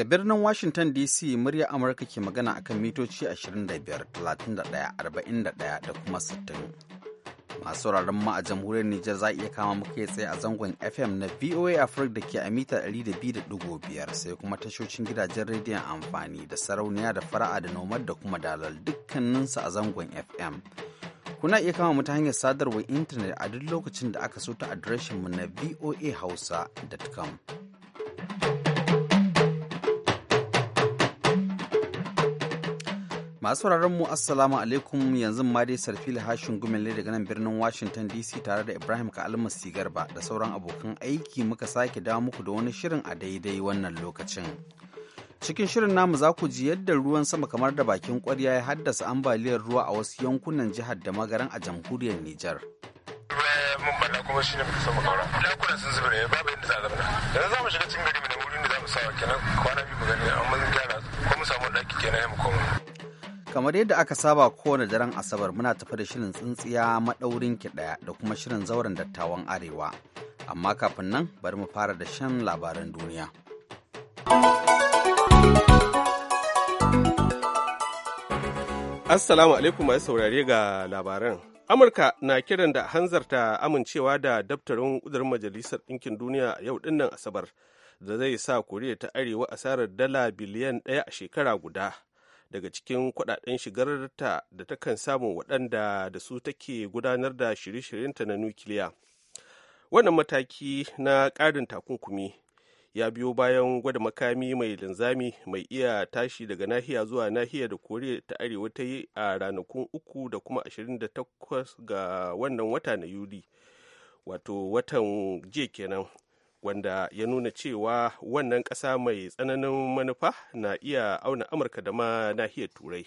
Daga birnin Washington DC murya Amurka ke magana akan mitoci 25, 31, 41 da kuma 60. Masu sauraron mu a jamhuriyar Nijar za iya kama muka tsaye a zangon FM na VOA Africa da ke a mita 200.5 sai kuma tashocin gidajen rediyon amfani da sarauniya da fara'a da nomad da kuma dalal dukkaninsu a zangon FM. Kuna iya kama mu ta hanyar sadarwar intanet a duk lokacin da aka so ta mu na voahausa.com. Masu sauraron mu Assalamu alaikum yanzu ma dai sarfil hashin lai daga nan birnin Washington DC tare da Ibrahim Ka'almas Sigarba da sauran abokan aiki muka sake dawo muku da wani shirin a daidai wannan lokacin. Cikin shirin namu za ku ji yadda ruwan sama kamar da bakin kwarya ya haddasa ambaliyar ruwa a wasu yankunan jihar da magaran a jamhuriyar Nijar. mun kuma sun babu za a yanzu za mu shiga gari za mu kenan kwana biyu mu gani amma mun gyara ko mu samu ɗaki kenan ya mu koma kamar yadda aka saba kowane daren asabar muna tafi da shirin tsintsiya maɗaurin ki ɗaya da kuma shirin zauren dattawan arewa amma kafin nan bari mu fara da shan labaran duniya assalamu alaikum mai saurare ga labaran amurka na kiran da hanzarta amincewa da daftarin ƙudurin majalisar ɗinkin duniya yau ɗinnan asabar da zai sa koriya ta arewa asarar dala biliyan ɗaya a shekara guda daga cikin kudaden ta da ta kan samu waɗanda da su take gudanar da shirye-shiryenta na nukiliya wannan mataki na ƙarin takunkumi ya biyo bayan gwada makami mai linzami mai iya tashi daga nahiya zuwa nahiya da koriya ta arewa ta yi a ranakun uku da kuma 28 ga wannan wata na yuli wato watan jiya kenan wanda ya nuna cewa wannan ƙasa mai tsananin manufa na iya auna amurka da ma nahiyar turai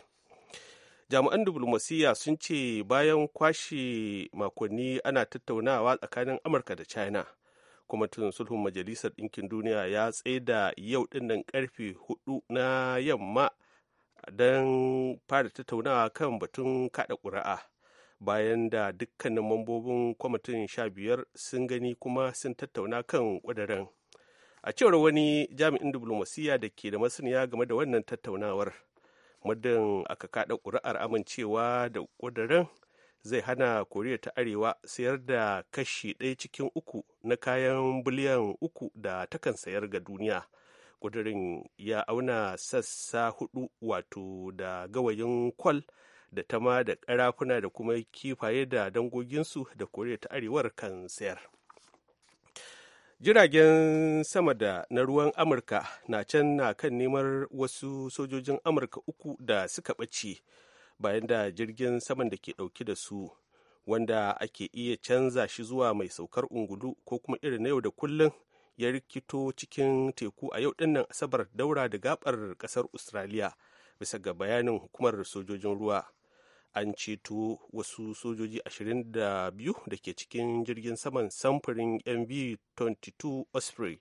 jami'an diplomasiyya sun ce bayan kwashe makonni ana tattaunawa tsakanin amurka da china kwamitin sulhun majalisar ɗinkin duniya ya tsaida yau ɗinnan karfe hudu na yamma don fara tattaunawa kan batun kada ƙuri'a bayan da dukkanin mambobin kwamitin sha biyar sun gani kuma sun tattauna kan ƙudurin a cewar wani jami'in diplomasiya da ke da masaniya game da wannan tattaunawar muddin aka kaɗa ƙuri'ar amincewa da ƙudurin zai hana koriya ta arewa sayar da kashi ɗaya cikin uku na kayan biliyan uku da takan sayar ga duniya ƙudurin ya auna sassa hudu wato da gawayin kwal da ta ma da ƙarafuna da kuma kifaye da dangoginsu da koriya ta arewar kan sayar jiragen sama da na ruwan amurka na can na kan neman wasu sojojin amurka uku da suka ɓace bayan da jirgin saman da ke ɗauke da su wanda ake iya canza shi zuwa mai saukar ungulu ko kuma irin na yau da kullum ya rikito cikin teku a yau dinnan asabar daura da gabar kasar australia bisa ga bayanin hukumar sojojin ruwa an ceto wasu sojoji 22 da ke cikin jirgin saman samfurin mv-22 osprey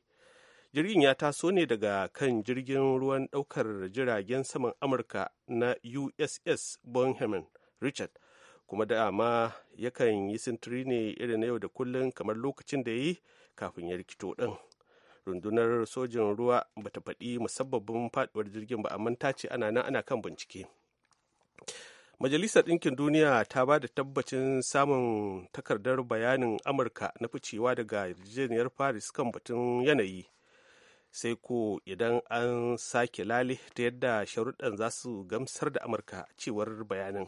jirgin ya taso ne daga kan jirgin ruwan daukar jiragen saman amurka na uss bonham richard kuma da dama yakan yi sintiri ne irin na yau da kullun kamar lokacin da ya yi kafin ya rikito din rundunar sojin ruwa bata faɗi musabbabin faɗuwar jirgin ba amma ta ce ana nan ana kan bincike majalisar ɗinkin duniya ta ba da tabbacin samun takardar bayanin amurka na ficewa daga yarjejeniyar paris kan batun yanayi sai ko idan an sake lale ta yadda sharuɗan za su gamsar da amurka cewar bayanin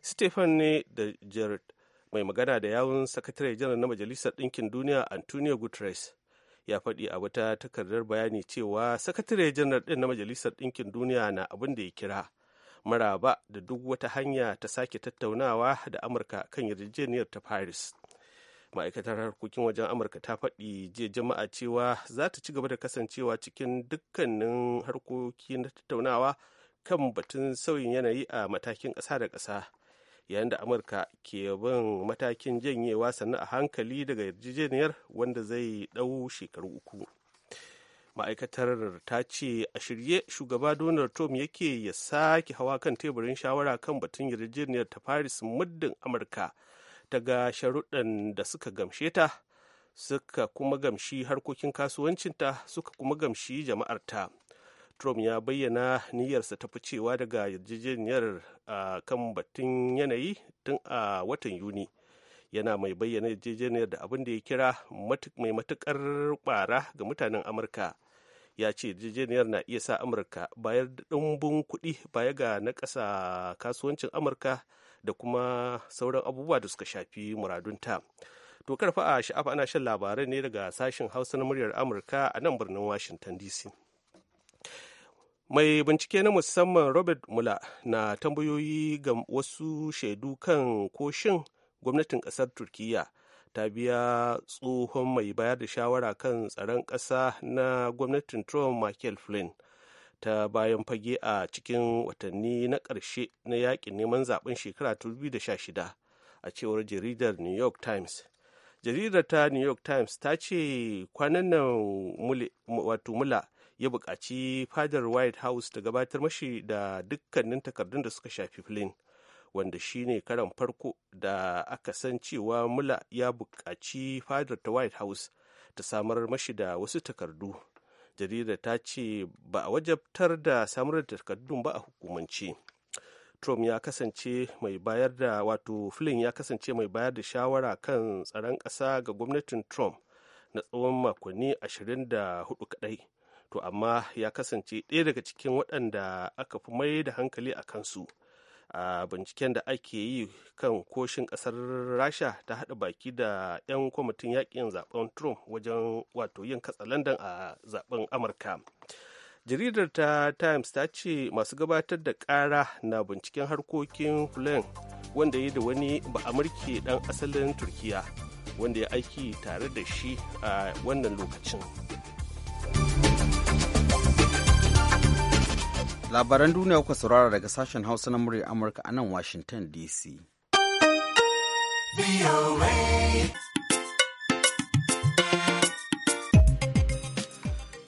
stephen ne da jared mai magana da yawun sakatare janar na majalisar ɗinkin duniya antonio guterres ya faɗi a wata takardar bayani cewa sakatare janar ɗin na majalisar ɗinkin duniya na abin da ya kira maraba da duk wata hanya ta sake tattaunawa da amurka kan yarjejeniyar ta paris ma'aikatar harkokin wajen amurka ta faɗi jiya jama'a cewa za ta ci gaba da kasancewa cikin dukkanin harkoki na tattaunawa kan batun sauyin yanayi a matakin ƙasa da ƙasa yayin da amurka ke bin matakin janyewa sannan a hankali daga yarjejeniyar wanda zai ɗau shekaru uku ma'aikatar ta ce a shirye shugaba donald trump yake ya sake hawa kan teburin shawara kan batun yarjejeniyar ta paris muddin amurka ta ga sharuɗan da suka gamshe ta suka kuma gamshi harkokin kasuwancinta suka kuma gamshi jama'arta trump ya bayyana niyyarsa ta ficewa daga yarjejeniyar kan batun yanayi tun a watan yuni yana mai bayyana yarjejeniyar da abin da ya kira mai matukar kwara ga mutanen amurka ya ce yarjejeniyar na iya sa amurka bayar da ɗumbin kuɗi baya ga na ƙasa kasuwancin amurka da kuma sauran abubuwa da suka shafi muradunta to karfa a sha'afa ana shan labarai ne daga sashen hausa na muryar amurka a nan birnin washington dc mai bincike na musamman robert mula na tambayoyi ga wasu shaidu kan koshin gwamnatin ƙasar turkiyya ta biya tsohon mai bayar da shawara kan tsaron ƙasa na gwamnatin trump michael flynn ta bayan fage a cikin watanni na ƙarshe na yakin neman zaben shekara 2016 a cewar jaridar new york times jaridar ta new york times ta ce kwanan nan wato mula ya buƙaci fadar white house ta gabatar mashi da dukkanin takardun da suka shafi flynn wanda shine karan farko da aka san cewa mula ya buƙaci fadar ta white house ta samar mashi da wasu takardu jaridar ta ce ba a wajabtar da samar da takardun ba a hukumance trump ya kasance mai bayar da wato flynn ya kasance mai bayar da shawara kan tsaron ƙasa ga gwamnatin trump na tsawon makonni 24 kadai to amma ya kasance ɗaya daga cikin waɗanda aka fi mai da hankali a kansu a binciken da ake yi kan koshin kasar rasha ta hada baki da 'yan kwamitin yakin zaben trump wajen wato yin katsalandan a zaben amurka jaridar ta times ta ce masu gabatar da kara na binciken harkokin flynn wanda ya da wani ba dan ɗan asalin turkiya wanda ya aiki tare da shi a wannan lokacin labaran duniya kuka saurara daga sashen hausa na murya amurka a nan washington dc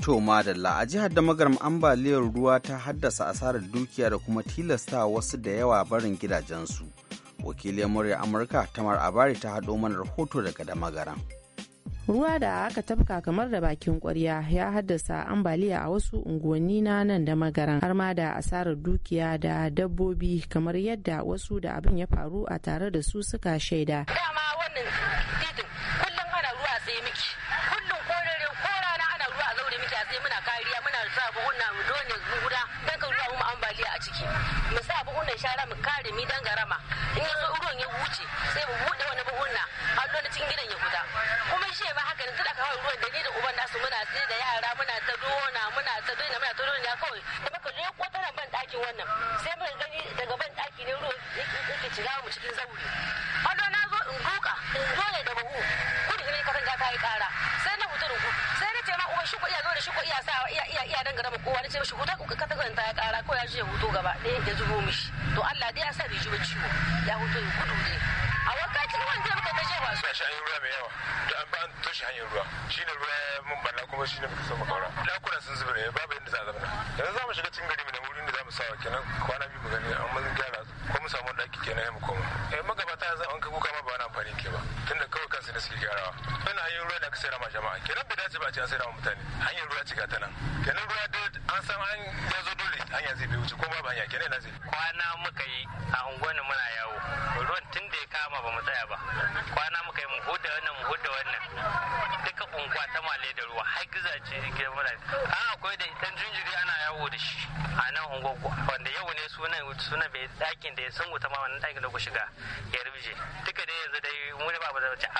to madalla a jihar da magaram ambaliyar ruwa ta haddasa asarar dukiya da kuma tilasta wasu da yawa barin gidajensu wakiliyar murya amurka tamar abari ta haɗo mana rahoto daga da magaran ruwa da aka tafka kamar da bakin kwarya ya haddasa ambaliya a wasu unguwanni na nan da magaran har ma da asarar dukiya da dabbobi kamar yadda wasu da abin ya faru a tare da su suka shaida dama wannan titin kullum ana ruwa tsaye miki kullum ko dare ko rana ana ruwa zaure miki a tsaye muna kariya muna sa buhunna mu dole guda dan kan ruwa mu ambaliya a ciki mu sa buhunnan shara mu kare mi dan garama in yanzu ruwan ya wuce sai mu bude wani buhunna a dole cikin gidan ya guda ce ma haka ne tun aka hawa ruwan da ni da uban nasu muna tsaye da yara muna ta dona muna ta dona muna ta dona kawai da muka je tana ban ɗakin wannan sai muka gani daga ban ɗaki ne ruwan yake cira mu cikin zauri hado na zo in duka dole da bahu kudu ne ka ranga ta yi ƙara sai na hutu rubu sai na ce ma uban shi ko iya zo da shi ko iya sawa iya iya iya dangara ma kowa na ce shi huta ka ta ta ya ƙara ko ya je hutu gaba ɗaya ya zubo mishi to Allah dai ya sa bai ji ba ciwo ya hutu ya gudu ne a waka ruwan zai baka an yi ruwa mai yawa da an ba an toshe hanyar ruwa shine ruwa mun balla kuma shine muka so mu kaura lakunan sun zubure babu yadda za a zauna yanzu za mu shiga cikin gari mu wurin da za mu sawa kenan kwana biyu mu gani amma mun gyara ko mu samu ɗaki kenan mu koma eh magabata yanzu an ka kuka ma ba wani amfani ke ba tunda kawai kansu ne suke gyarawa wannan hanyar ruwa da aka sayar ma jama'a kenan bai dace ba a ce an sayar ma mutane hanyar ruwa ce ga nan kenan ruwa an san an ya zo dole hanya zai bai wuce ko babu hanya kenan na zai kwana muka yi a unguwanni muna yawo ruwan tun da ya kama ba mu tsaya ba kwana muka yi mu huda wannan mu huda wannan duka unguwa ta male da ruwa har ce ke mura an akwai da dan jinjiri ana yawo da shi a nan unguwa wanda yau ne sunan sunan bai dakin da ya san wuta ma wannan dakin da ku shiga ya rubuce duka dai yanzu dai mu ne ba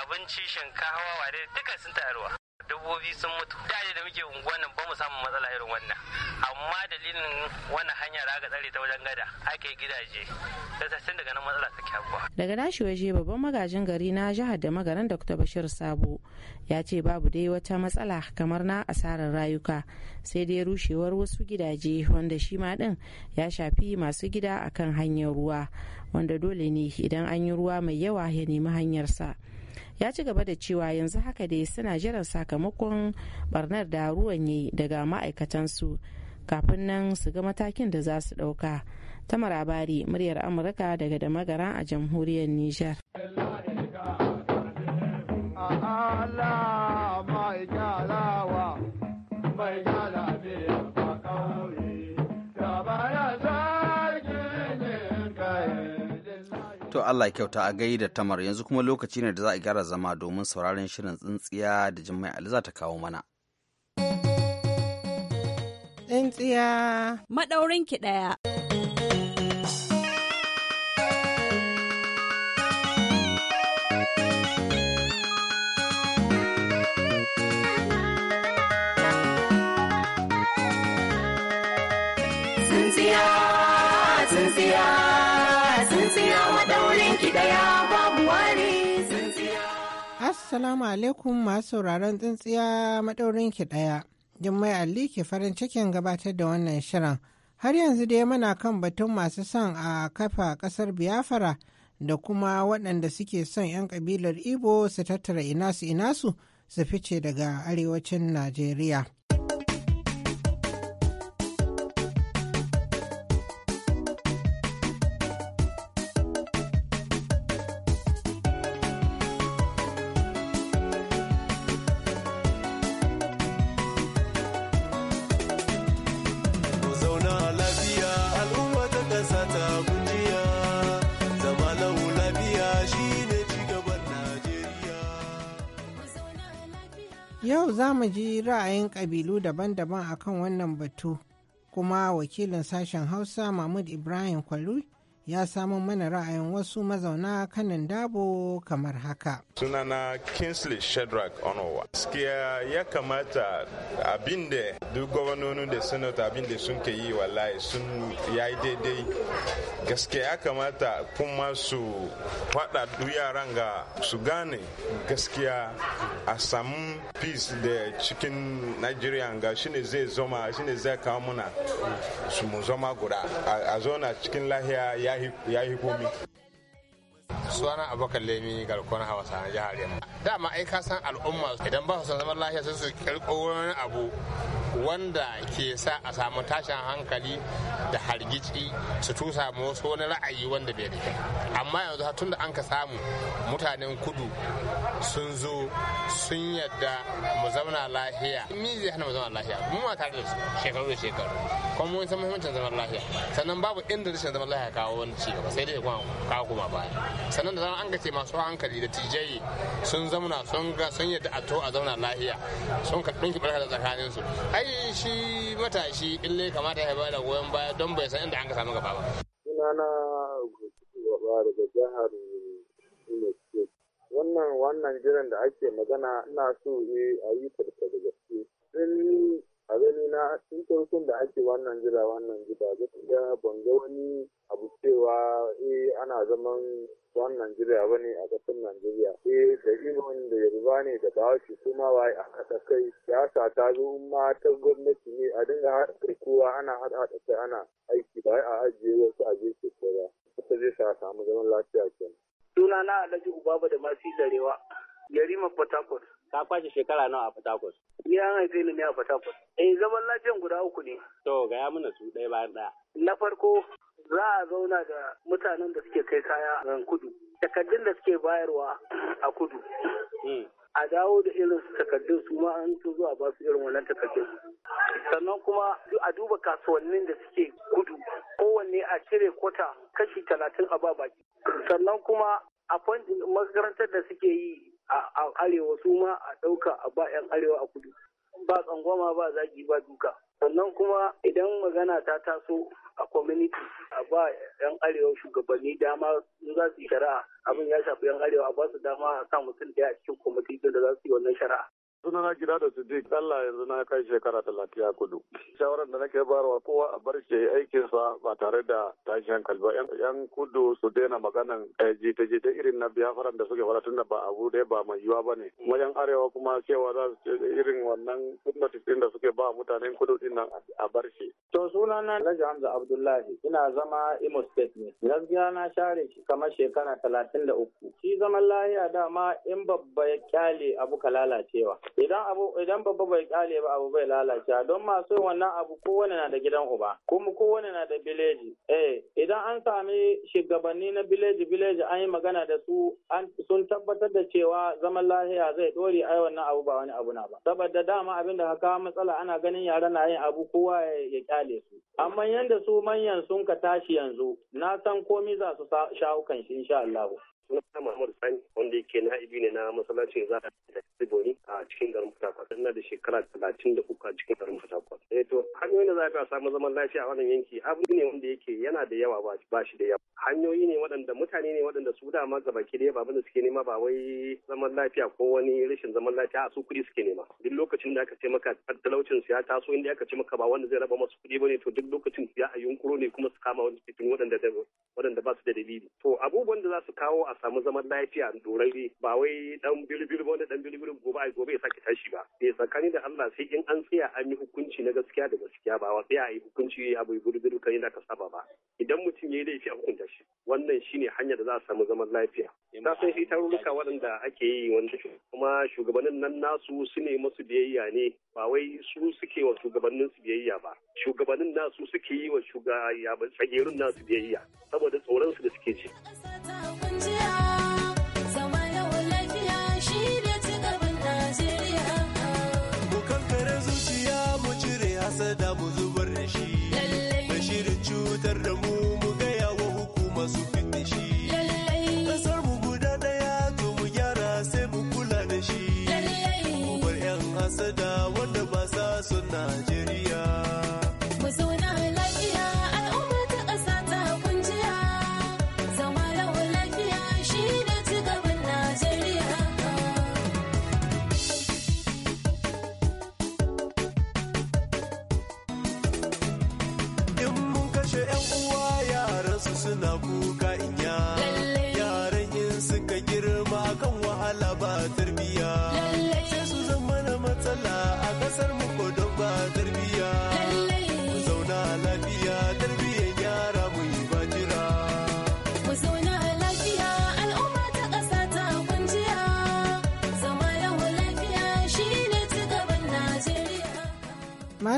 abinci shinkawa wa duka sun taruwa dabbobi sun mutu da da muke unguwan nan ba mu samu matsala irin wannan amma dalilin wannan hanya da aka tsare ta wajen gada ake gidaje da sun daga nan matsala ta kyakuwa daga nashi waje babban magajin gari na jihar da magaran dr bashir sabo ya ce babu dai wata matsala kamar na asarar rayuka sai dai rushewar wasu gidaje wanda shi ma din ya shafi masu gida akan hanyar ruwa wanda dole ne idan an yi ruwa mai yawa ya nemi hanyarsa. ya ci gaba da cewa yanzu haka dai suna jiran sakamakon barnar da ruwan yi daga ma'aikatansu kafin nan su ga matakin da za su ɗauka ta marabari muryar amurka daga da magara a jamhuriyar nijar Allah Allah kyauta a gai da tamar yanzu kuma lokaci ne da za a gyara zama domin sauraron shirin tsintsiya da Jummai Ali za ta kawo mana. Tsintsiya maɗaurinki ɗaya. Assalamu alaikum masu sauraron tsintsiya maɗaurin ki ɗaya. Jummai Ali ke farin cikin gabatar da wannan shirin. Har yanzu dai muna kan batun masu son a kafa ƙasar Biyafara da kuma waɗanda suke son 'yan ƙabilar Igbo su tattara inasu inasu su fice daga arewacin Najeriya. Yau za mu ji ra'ayin ƙabilu daban-daban akan wannan batu, kuma wakilin sashen Hausa Mahmud Ibrahim Kwalu ya samu mana ra'ayin wasu mazauna kanin dabo kamar haka. Sunana Kingsley Shedrack Onowa. Gaskiya ya kamata abinda duk gwamnonin da senator abinda sun ke yi wallahi sun ya yi daidai. Gaskiya ya kamata kuma su faɗa yaran ga su gane gaskiya a samu peace da cikin Nigeria ga shine zai zoma shine zai kawo muna su mu zama guda a zona cikin lahiya ya ya yi komi suna abokan lemi garkon hausa na jihar yamma dama ai ka san al'umma idan ba su san zaman lafiya sai su kirko wani abu wanda ke sa a samu tashin hankali da hargitsi su tusa wasu wani ra'ayi wanda bai da amma yanzu tun da an ka samu mutanen kudu sun zo sun yadda mu zauna lahiya mi zai hana mu zauna lahiya mu ma tare da su shekaru da shekaru kuma mun san muhimmancin zaman lahiya sannan babu inda rashin zaman lahiya kawo wani ci gaba sai dai kuma kawo kuma baya sannan da zaman an ka ce masu hankali da tijai sun zauna sun ga sun yadda a to a zauna lahiya sun ka dinki barka da tsakaninsu ai ai shi matashi lalle kamata ya bada goyon baya don bai san inda an ka samu gaba ba. Sunana Gaba daga jihar Imo State. Wannan wannan jiran da ake magana ina so ne eh, a yi karfe da gaske. a gani na cikin farkon da ake wannan jira wannan jira gaskiya ban ga wani abu cewa eh ana zaman wannan Najeriya ba ne a ƙasar Najeriya. Eh da Ibon da yarba ne da bawashi kuma waye a haɗa kai siyasa ta zo ma ta gwamnati ne a dinga haɗa kai kowa ana haɗa haɗa kai ana aiki ba a ajiye wasu a je ko kowa. Ita zai sa samu zaman lafiya kenan. Sunana Alhaji Ubaba da Masu Darewa. Yarima Port Harcourt. Ka kwashe shekara nawa a Port Harcourt? Ya haife ni ne a Port Harcourt. Eh zaman lafiyan guda uku ne. To gaya mana su ɗaya bayan ɗaya. Na farko za a zauna da mutanen da suke kai kaya a kudu. Takardun da suke bayarwa a kudu. Hmm. a dawo da irin takardun su ma an so zuwa ba su irin wannan takardun sannan kuma a duba kasuwannin da suke kudu kowanne a cire kwata kashi talatin a ba baki sannan kuma a makarantar da suke yi a arewa su ma a ɗauka a ba 'yan arewa a kudu ba tsangwama ba zagi ba duka sannan kuma idan magana ta taso a community a ba 'yan arewa shugabanni dama in za su yi shari'a abin ya shafi 'yan arewa a ba su dama a sa mutum da a cikin kwamitin da za su yi wannan shari'a Sunana na gida da Siddiq Allah yanzu na kai shekara talatin ya kudu. Shawarar da nake bayarwa kowa a bar shi aikinsa ba tare da tashi hankali ba. Yan kudu su daina maganan eh, jita-jita irin na biyafaran da suke fara tunda ba abu dai ba mai yiwa ba ne. Wajen arewa kuma cewa za su irin wannan gwamnati din da suke ba mutanen kudu din nan a bar shi. To suna na Alhaji Hamza Abdullahi ina zama Imo State ne. Gaskiya na share shi kamar shekara talatin da uku. Shi zaman lahiya dama in babba ya kyale abu ka lalacewa. idan abu idan babba bai kyale ba abu bai lalace don masu wannan abu kowane na da gidan uba kuma kowane na da bileji eh idan an sami shugabanni na bileji bileji an yi magana da su an sun tabbatar da cewa zaman lahiya zai dore ai wannan abu ba wani abu na ba saboda dama abin da haka matsala ana ganin yara na yin abu kowa ya kyale su amma yanda su manyan sun ka tashi yanzu na san komi za su shawo kan shi insha Allah sunana Muhammadu Sani wanda yake na'ibi ne na masallacin za a da Siboni a cikin garin Fatakwal. Ina da shekara talatin da uku a cikin garin Fatakwal. Eh to hanyoyin da za a samu zaman lafiya a wannan yanki abu ne wanda yake yana da yawa ba shi da yawa. Hanyoyi ne waɗanda mutane ne waɗanda su dama gaba ki da babin da suke nema ba wai zaman lafiya ko wani rashin zaman lafiya a su kuɗi suke nema. Duk lokacin da aka ce maka talaucin su ya taso inda aka ce maka ba wanda zai raba masu kuɗi ba ne to duk lokacin ya a yunkuro ne kuma su kama wani cikin waɗanda ba su da dalili. To abubuwan da za su kawo a samu zaman lafiya dorarre ba wai dan bilbil ba dan bilbil gobe ai gobe ya sake tashi ba sai eh, tsakani da Allah sai in an tsaya an yi hukunci na gaskiya da gaskiya ba wa a yi hukunci abu bilbil kai da ka saba ba idan mutum ya yi laifi a hukunta shi wannan shine hanyar da za a samu zaman lafiya ta san shi tarurruka waɗanda ake yi wanda kuma shugabannin nan nasu su ne masu biyayya ne ba wai su suke wa shugabannin su biyayya ba shugabannin nasu suke yi wa tsagerun nasu biyayya saboda tsoron su da suke ci. zuciya mu cire hasada mu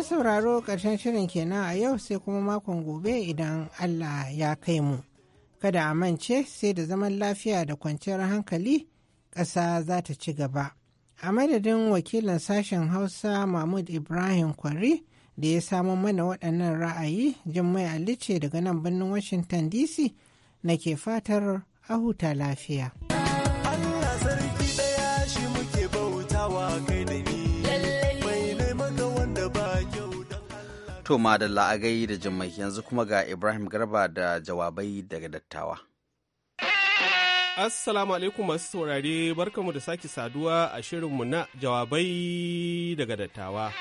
sauraro ƙarshen shirin kenan a yau sai kuma makon gobe idan Allah ya kai mu. Kada a mance sai da zaman lafiya da kwanciyar hankali ƙasa za ta ci gaba. A madadin wakilin sashen Hausa Mahmud Ibrahim Kwari da ya samo mana waɗannan ra'ayi Jummai Ali ce daga nan birnin Washington DC na ke fatar a huta lafiya. To madalla a gai da jimmai yanzu kuma ga Ibrahim Garba da jawabai daga dattawa. Assalamu alaikum masu saurare barkamu da sake saduwa a shirinmu na jawabai daga dattawa.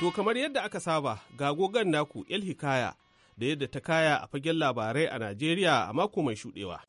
To kamar yadda aka saba ga gogon naku El Hikaya da yadda ta kaya a fagen labarai a Najeriya a mako mai shudewa.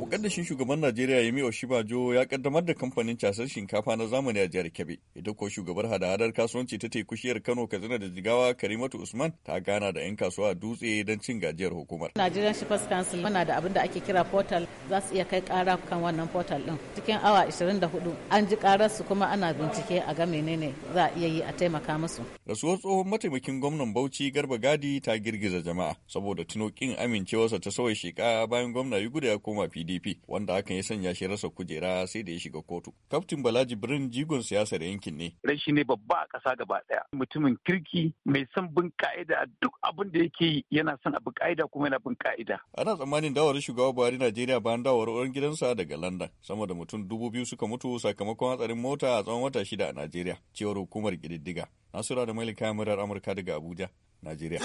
Mukaddashin shugaban Najeriya Yemi Oshibajo ya kaddamar da kamfanin casar shinkafa na zamani a jihar Kebbi. Ita ko shugabar hada-hadar kasuwanci ta teku shiyar Kano Katsina da Jigawa Karimatu Usman ta gana da 'yan kasuwa dutse don cin gajiyar hukumar. Nigerian Shippers Council muna da abin da ake kira portal za su iya kai kara kan wannan portal din. Cikin awa 24 an ji karar su kuma ana bincike a ga menene za a iya yi a taimaka musu. kasuwar tsohon mataimakin gwamnan Bauchi Garba Gadi ta girgiza jama'a saboda tuno kin amincewarsa ta sauya sheka bayan gwamna Yuguda ya koma PDP wanda hakan ya sanya shi rasa kujera sai da ya shiga kotu. Kaftin Balaji Birin jigon siyasar yankin ne. Rashi ne babba a kasa gaba ɗaya. Mutumin kirki mai son bin ka'ida duk abin da yake yi yana son abin ka'ida kuma yana bin ka'ida. Ana tsammanin dawar shugaba Buhari Najeriya bayan dawar uwar gidansa daga London. Sama da mutum dubu biyu suka mutu sakamakon hatsarin mota a tsawon wata shida a Najeriya. Cewar hukumar kididdiga Nasura da kayan murar Amurka daga Abuja, Najeriya.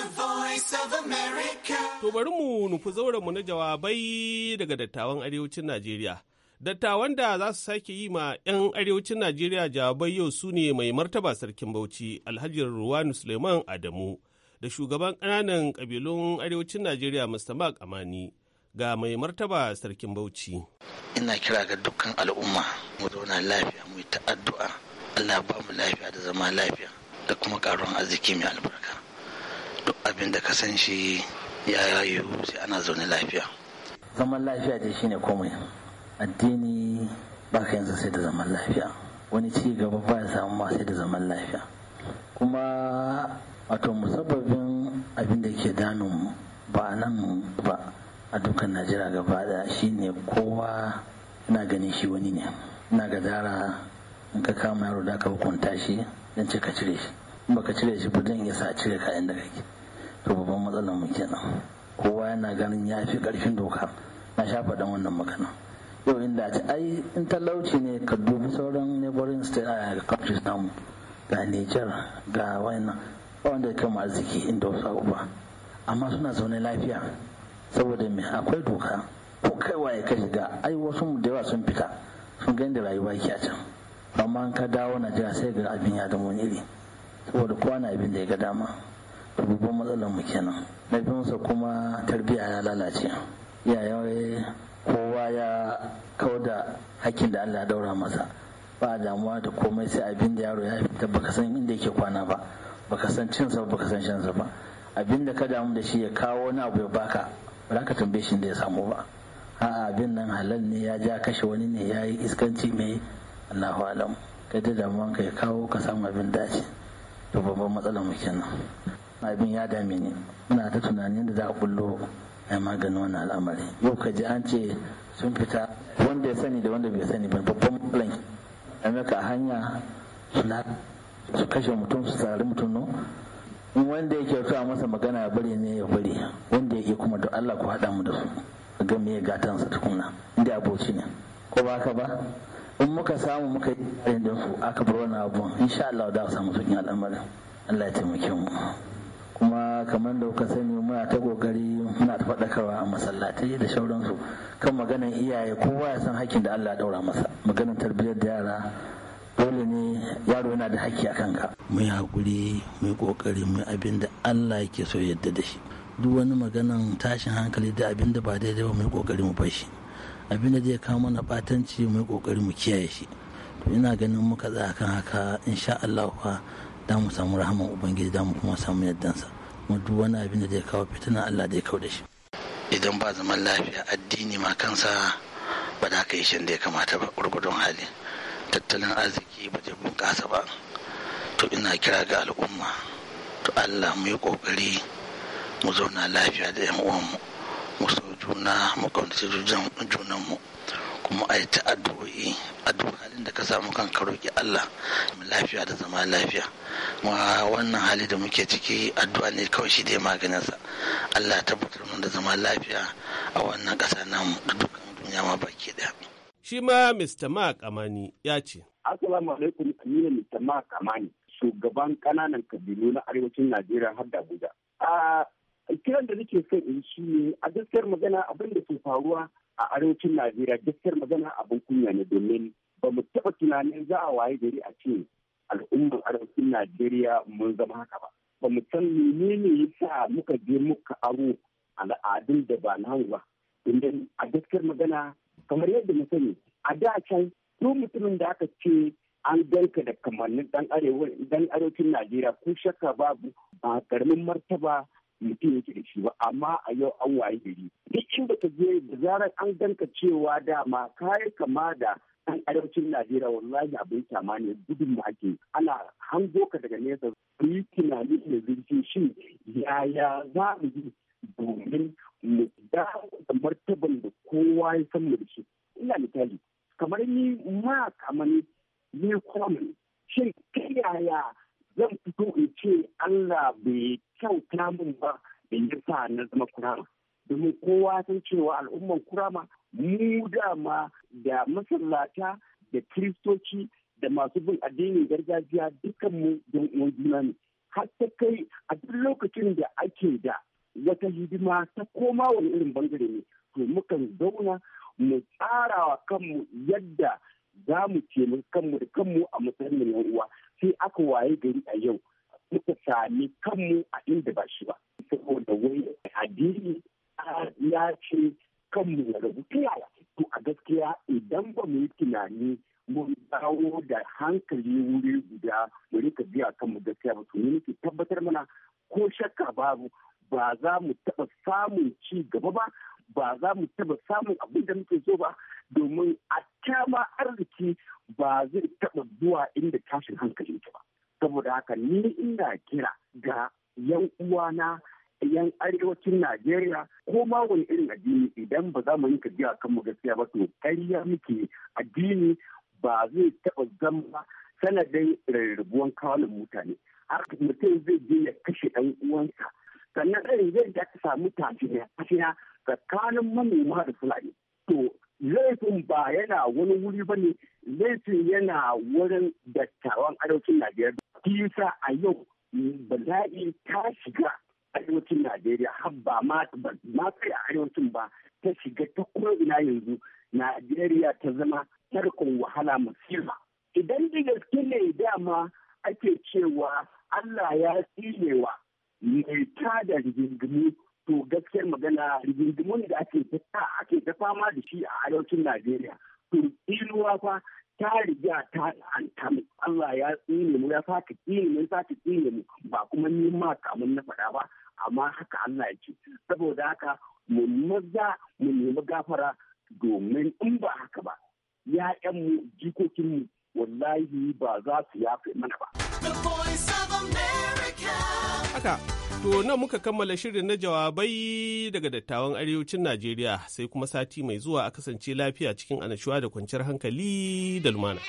To bari mu nufi zauren mu na jawabai daga dattawan arewacin Najeriya. Dattawan da za su sake yi ma 'yan arewacin Najeriya jawabai yau su ne mai martaba sarkin Bauchi Alhaji Ruwanu Suleiman Adamu da shugaban ƙananan ƙabilun arewacin Najeriya Mr. Mark Amani ga mai martaba sarkin Bauchi. Ina kira ga dukkan al'umma mu zauna lafiya mu yi ta'addu'a Allah ba mu lafiya da zama lafiya. da kuma karuwan arziki mai albarka duk abin da ka san shi ya yayu sai ana zaune lafiya zaman lafiya ce shine komai addini ba ka yanzu sai da zaman lafiya wani ci gaba ba ya samu ma sai da zaman lafiya kuma wato musabbabin abin da ke danin ba nan ba a dukkan najeriya gaba da shine kowa na ganin shi wani ne na gadara in ka kama yaro da ka hukunta shi don ce ka cire shi baka cire shi ba zan sa sa cire kayan da kake to babban matsalar mu kenan kowa yana ganin ya fi karfin doka na sha faɗin wannan magana yau inda ce ai in talauci ne ka dubi sauran neighboring state a countries namu ga Niger ga wayannan ba wanda kan arziki inda wasu uba amma suna zaune lafiya saboda me akwai doka ko kaiwa ya ka shiga? ai wasu da yawa sun fita sun ga inda rayuwa ke a can amma ka dawo najeriya sai ga abin ya zama wani iri saboda kwana abin da ya ga dama babban matsalar mu kenan na biyunsa kuma tarbiyya ya lalace iyayen kowa ya kau da hakkin da allah ya daura masa ba damuwa da komai sai abin da yaro ya fita baka san inda yake kwana ba baka san cin sa baka san shan sa ba abin da ka damu da shi ya kawo wani abu ya baka ba za ka tambaye shi da ya samu ba a'a abin nan halal ne ya ja kashe wani ne ya yi iskanci mai allahu alam kada da damuwanka ya kawo ka samu abin dace to babban matsalar mu kenan abin ya dame ni ina ta tunanin da za a kullo a maganin wannan al'amari yau ka ji an ce sun fita wanda ya sani da wanda bai sani ba babban matsalar a maka a hanya su kashe mutum su sarari mutum no in wanda ya kyauta masa magana ya bari ne ya bari wanda ya kuma da Allah ku haɗa mu da su ga me ya gatansa tukuna inda aboci ne ko ba ka ba in muka samu muka yi da su aka bar wani abu. insha Allah da a samu sukin al'amarin Allah ya taimake mu kuma kamar da kuka sani muna ta kokari muna ta faɗakarwa a masallatai da shauransu kan maganar iyaye kowa ya san hakkin da Allah ya daura masa maganar tarbiyyar da yara dole ne yaro yana da hakki a kanka mu yi hakuri mu yi kokari mu abin da Allah yake so yadda da shi duk wani maganan tashin hankali da abin da ba daidai ba mu yi kokari mu bar abin da zai kawo mana batanci mai kokari mu kiyaye shi to ina ganin muka tsaya kan haka insha Allah kuwa da mu samu rahama ubangiji da mu kuma samu yaddansa mu duk wani abin da zai kawo fitina Allah zai kawo da shi idan ba zaman lafiya addini ma kansa ba da ka yi shan da ya kamata ba gurgudun hali tattalin arziki ba zai bunƙasa ba to ina kira ga al'umma to Allah mu yi kokari mu zauna lafiya da 'yan uwanmu mu so juna mu kaunaci junan mu kuma a yi ta addu'o'i a duk halin da ka samu ka roƙi Allah lafiya da zama lafiya ma wannan hali da muke ciki addu'a ne kawai shi dai sa, Allah tabbatar mu da zama lafiya a wannan ƙasa namu da dukkan duniya ma baki ɗaya. Shi ma Mr. Mark Amani ya ce. Assalamu alaikum Aminu Mr. Mark Amani shugaban ƙananan kabilu na arewacin Najeriya har da Abuja. Ah, kiran da nake son in shi ne a gaskiyar magana abin da ke faruwa a arewacin najeriya gaskiyar magana abin kunya ne domin ba mu taɓa tunanin za a waye gari a ce al'ummar arewacin najeriya mun zama haka ba ba mu san menene yasa muka je muka aro al'adun da ba na ba domin a gaskiyar magana kamar yadda mu sani a da can duk mutumin da aka ce an ganka da kamannin dan arewacin najeriya ko shakka babu ba karamin martaba mutum yake da shi ba amma a yau an waye gari duk inda ka je da zarar an danka cewa dama kayi kama da an arewacin najeriya wallahi abin kyama ne gudun da ake ana hango ka daga nesa yi tunani da zurfi shin yaya za mu yi domin mu dawo da martaban da kowa ya san mu shi ina misali kamar ni ma kamar ni ne kwamani shin ta yaya zan fito in ce Allah bai kyauta min ba da yasa na zama kurama. Domin kowa san cewa al'umman kurama mu dama da masallata da kiristoci da masu bin addinin gargajiya dukkan mu don uwan juna ne. Har ta kai a duk lokacin da ake da wata hidima ta koma wani irin bangare ne to mukan zauna mu tsara wa kanmu yadda za mu ce kanmu da kanmu a matsayin yan uwa sai aka waye gari a yau muka sami kanmu a inda ba shi ba saboda wai addini ya ce kanmu ya rabu yaya to a gaskiya idan ba mu yi tunani mun dawo da hankali wuri guda mu rika biya kanmu gaskiya ba to ne tabbatar mana ko shakka babu ba za mu taɓa samun ci gaba ba ba za mu taba samun abin da muke so ba domin a ma arziki ba zai taba zuwa inda tashin hankalin ba saboda haka ni ina kira ga yan uwana yan arewacin Najeriya ko ma wani irin addini idan ba za mu yi kajiya kan mu gaskiya ba to kariya muke addini ba zai taɓa zama sanadin rarrabuwan kawalin mutane har mutum zai je ya kashe ɗan uwansa sannan zai yadda ta samu tafiya tsakanin manoma da fulani to laifin ba yana wani wuri ba ne laifin yana wurin dattawan arewacin najeriya kisa a yau bala'i ta shiga arewacin najeriya har ba ma kai a arewacin ba ta shiga ta ina yanzu najeriya ta zama tarkon wahala musulma idan da gaske ne dama ake cewa allah ya tsinewa mai da rigingimu to gaskiyar magana rigingimun da ake ta ake ta fama da shi a arewacin Najeriya to inuwa fa ta riga ta la'anta Allah ya tsine mu ya saka tsine mu saka tsine mu ba kuma ni ma kamun na faɗa ba amma haka Allah ya ce saboda haka mu maza mu nemi gafara domin in ba haka ba mu, jikokin mu, wallahi ba za su yafe mana ba Haka, to na muka kammala shirin na jawabai daga dattawan arewacin Najeriya sai kuma sati mai zuwa a kasance lafiya cikin anashuwa da kwanciyar hankali da lumana.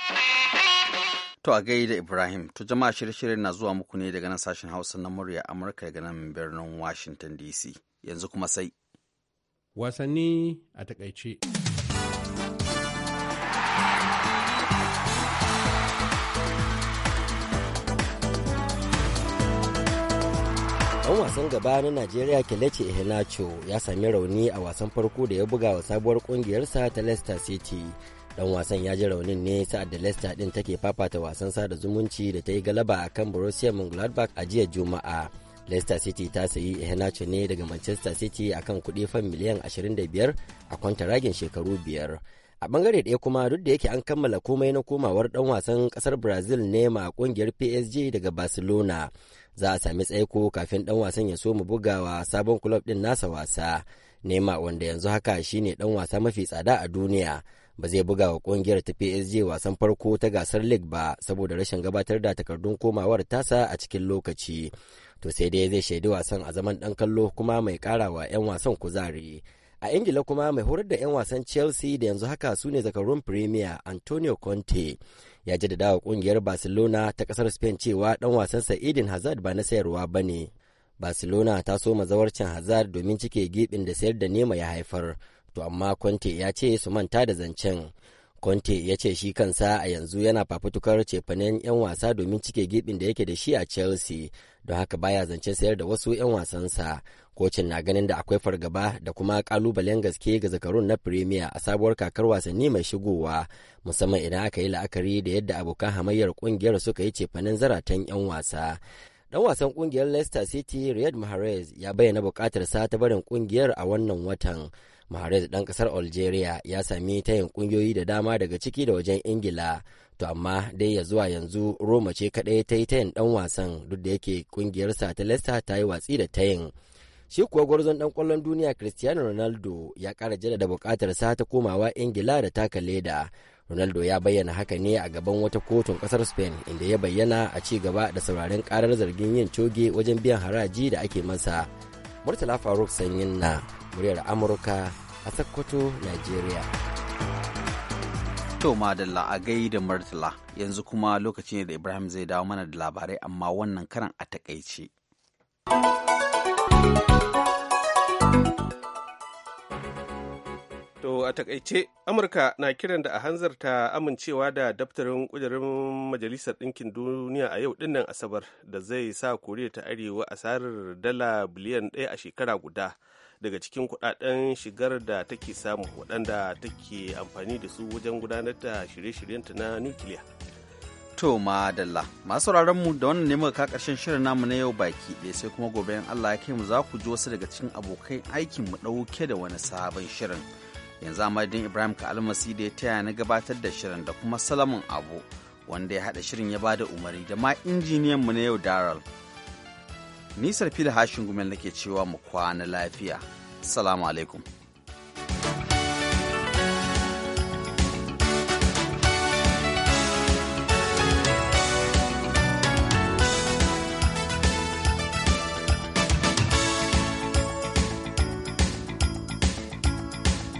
To a da Ibrahim, to jama'a shirye-shiryen na zuwa muku ne daga nan sashen Hausa na murya Amurka daga nan birnin Washington DC. Yanzu kuma sai. Wasanni a takaice. Ɗan wasan gaba na najeriya kelechi ihenacho ya sami rauni a wasan farko da ya buga wa sabuwar ƙungiyarsa ta leicester city ɗan wasan ya ji raunin ne sa'ad da leicester ɗin take fafata wasan sada zumunci da ta yi galaba a kan borussia mönchengladbach a jiya juma'a leicester city ta sayi ihenacho ne daga manchester city a kan kuɗi fan miliyan 25 a kwantaragin shekaru biyar a bangare ɗaya kuma duk da yake an kammala komai na komawar ɗan wasan ƙasar brazil ne ma ƙungiyar psg daga barcelona za a sami tsaiko kafin dan wasan ya so mu bugawa sabon kulob din nasa wasa nema wanda yanzu haka shine dan wasa mafi tsada a duniya ba zai buga wa kungiyar ta PSG wasan farko ta gasar League ba saboda rashin gabatar da takardun komawar tasa a cikin lokaci. To sai dai zai shaidi wasan a zaman dan kallo kuma mai karawa 'yan wasan kuzari. A Ingila kuma mai horar da 'yan wasan Chelsea da yanzu haka su ne zakarun Premier Antonio Conte. ya jaddada wa kungiyar barcelona ta kasar spain cewa dan wasansa eden hazard ba na sayarwa ba ne barcelona ta so mazawarcin hazard domin cike gibin da sayar da nema ya haifar to amma conte ya ce su manta da zancen Conte ya ce shi kansa a yanzu yana fafutukar cefanen 'yan wasa domin cike gibin da yake da shi a Chelsea, don haka baya zance sayar da wasu 'yan wasansa. Kocin na ganin da akwai fargaba da kuma kalubalen gaske ga zakarun na Premier a sabuwar kakar wasanni mai shigowa, musamman idan aka yi la'akari da yadda abokan hamayyar kungiyar suka yi cefanen zaratan 'yan wasa. Dan wasan kungiyar Leicester City Riyad Mahrez ya bayyana bukatar sa ta barin kungiyar a wannan watan. Mahrez dan ƙasar Algeria ya sami tayin ƙungiyoyi da dama daga ciki da wajen Ingila, to amma dai ya zuwa yanzu Roma ce kaɗai ta yi tayin ɗan wasan duk da yake ƙungiyarsa ta Leicester ta yi watsi da tayin. Shi kuwa gwarzon dan kwallon duniya Cristiano Ronaldo ya ƙara bukatar sa ta komawa Ingila da taka leda. Ronaldo ya bayyana haka ne a gaban wata kotun kasar Spain inda ya bayyana a ci gaba da sauraren karar zargin yin coge wajen biyan haraji da ake masa. Murtala Faruk Sanyin na muryar Amurka a Sokoto, Najeriya. To madalla a da Murtala yanzu kuma lokaci ne da Ibrahim zai dawo mana da labarai amma wannan karan a takaice. To a takaice Amurka na kiran da a hanzarta amincewa da daftarin kudurin Majalisar Ɗinkin Duniya a yau dinnan Asabar da zai sa Koriya ta Arewa asarar dala biliyan ɗaya a shekara guda daga cikin kudaden shigar da take samu waɗanda take amfani da su wajen gudanar da shirye-shiryenta na nukiliya. To madalla masu mu da wannan ne muka karshen shirin namu na yau baki ɗaya sai kuma gobe in Allah ya kai mu za ku ji wasu daga cikin abokai aikin mu ɗauke da wani sabon shirin. Yanzu amadin Ibrahim ka almasi da ya taya na gabatar da shirin da kuma Salamun Abu wanda ya haɗa shirin ya bada umarni da ma injiniyan mu na yau Daral. nisar fili hashin gumel nake cewa mu kwana lafiya salamu alaikum